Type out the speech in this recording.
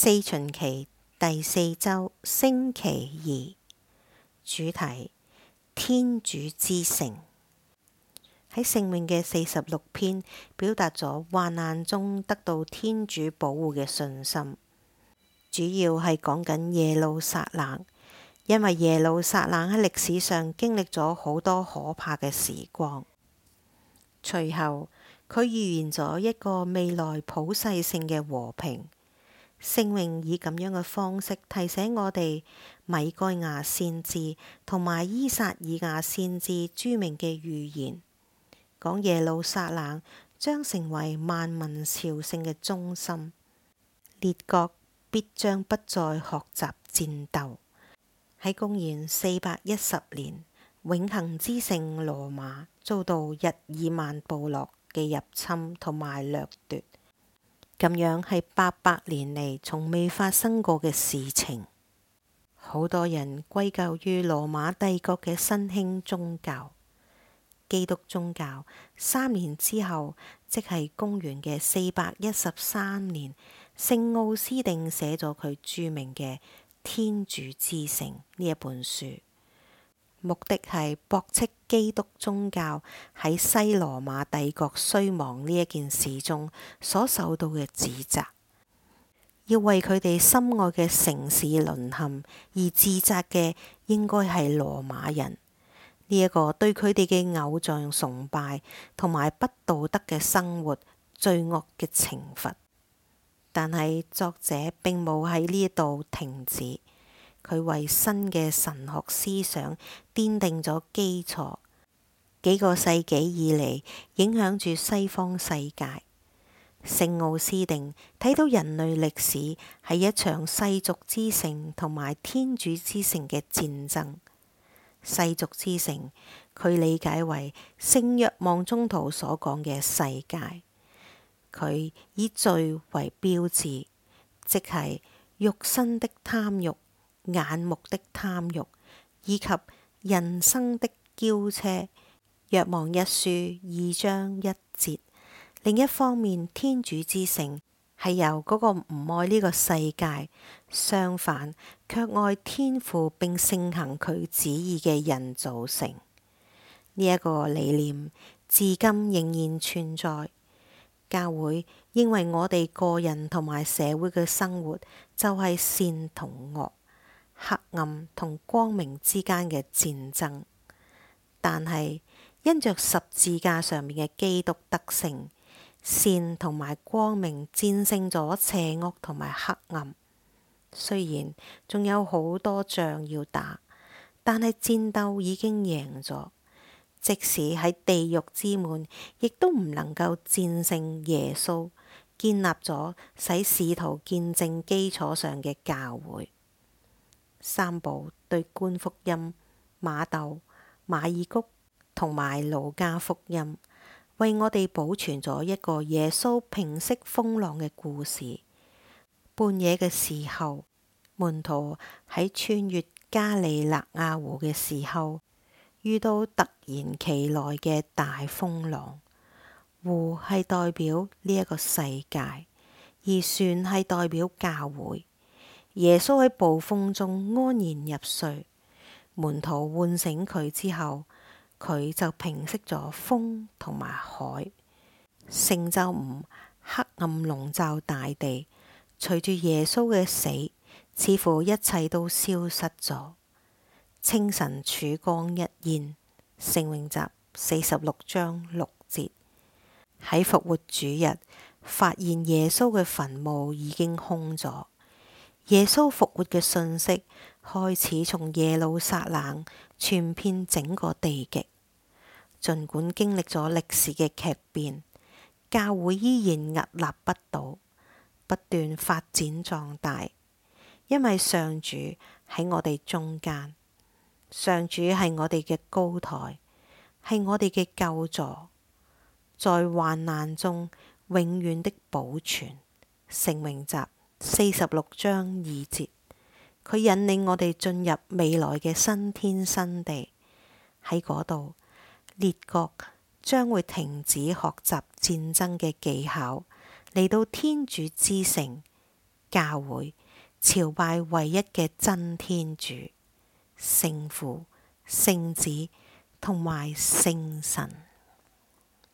四旬期第四周星期二，主題：天主之城。喺聖詠嘅四十六篇，表達咗患難中得到天主保護嘅信心。主要係講緊耶路撒冷，因為耶路撒冷喺歷史上經歷咗好多可怕嘅時光。隨後，佢預言咗一個未來普世性嘅和平。聖詠以咁樣嘅方式提醒我哋，米該亞先知同埋依撒意亞先知著名嘅預言，講耶路撒冷將成為萬民朝聖嘅中心，列國必將不再學習戰鬥。喺公元四百一十年，永恆之城羅馬遭到日耳曼部落嘅入侵同埋掠奪。咁樣係八百年嚟從未發生過嘅事情，好多人歸咎於羅馬帝國嘅新興宗教，基督宗教。三年之後，即係公元嘅四百一十三年，聖奧斯定寫咗佢著名嘅《天主之城》呢一本書。目的係駁斥基督宗教喺西羅馬帝國衰亡呢一件事中所受到嘅指責，要為佢哋深愛嘅城市淪陷而自責嘅，應該係羅馬人。呢一個對佢哋嘅偶像崇拜同埋不道德嘅生活罪惡嘅懲罰。但係作者並冇喺呢度停止。佢為新嘅神學思想奠定咗基礎，幾個世紀以嚟影響住西方世界。聖奧斯定睇到人類歷史係一場世俗之城同埋天主之城嘅戰爭。世俗之城，佢理解為聖若望宗徒所講嘅世界，佢以罪為標誌，即係肉身的貪欲。眼目的貪欲，以及人生的驕奢，若望一書二章一節。另一方面，天主之城係由嗰個唔愛呢個世界，相反卻愛天父並承行佢旨意嘅人組成。呢、這、一個理念至今仍然存在。教會認為我哋個人同埋社會嘅生活就係、是、善同惡。黑暗同光明之間嘅戰爭，但係因着十字架上面嘅基督得勝，善同埋光明戰勝咗邪惡同埋黑暗。雖然仲有好多仗要打，但係戰鬥已經贏咗。即使喺地獄之門，亦都唔能夠戰勝耶穌，建立咗使使徒見證基礎上嘅教會。三部對觀福音、瑪竇、馬爾谷同埋路加福音，為我哋保存咗一個耶穌平息風浪嘅故事。半夜嘅時候，門徒喺穿越加里肋亞湖嘅時候，遇到突然其來嘅大風浪。湖係代表呢一個世界，而船係代表教會。耶穌喺暴風中安然入睡，門徒喚醒佢之後，佢就平息咗風同埋海。聖週五，黑暗籠罩大地，隨住耶穌嘅死，似乎一切都消失咗。清晨曙光一現，聖《聖詠集》四十六章六節，喺復活主日發現耶穌嘅墳墓已經空咗。耶穌復活嘅訊息開始從耶路撒冷傳遍整個地極，儘管經歷咗歷史嘅劇變，教會依然屹立不倒，不斷發展壯大，因為上主喺我哋中間，上主係我哋嘅高台，係我哋嘅救助，在患難中永遠的保存。聖詠集。四十六章二節，佢引領我哋進入未來嘅新天新地。喺嗰度，列國將會停止學習戰爭嘅技巧，嚟到天主之城，教會朝拜唯一嘅真天主、聖父、聖子同埋聖神。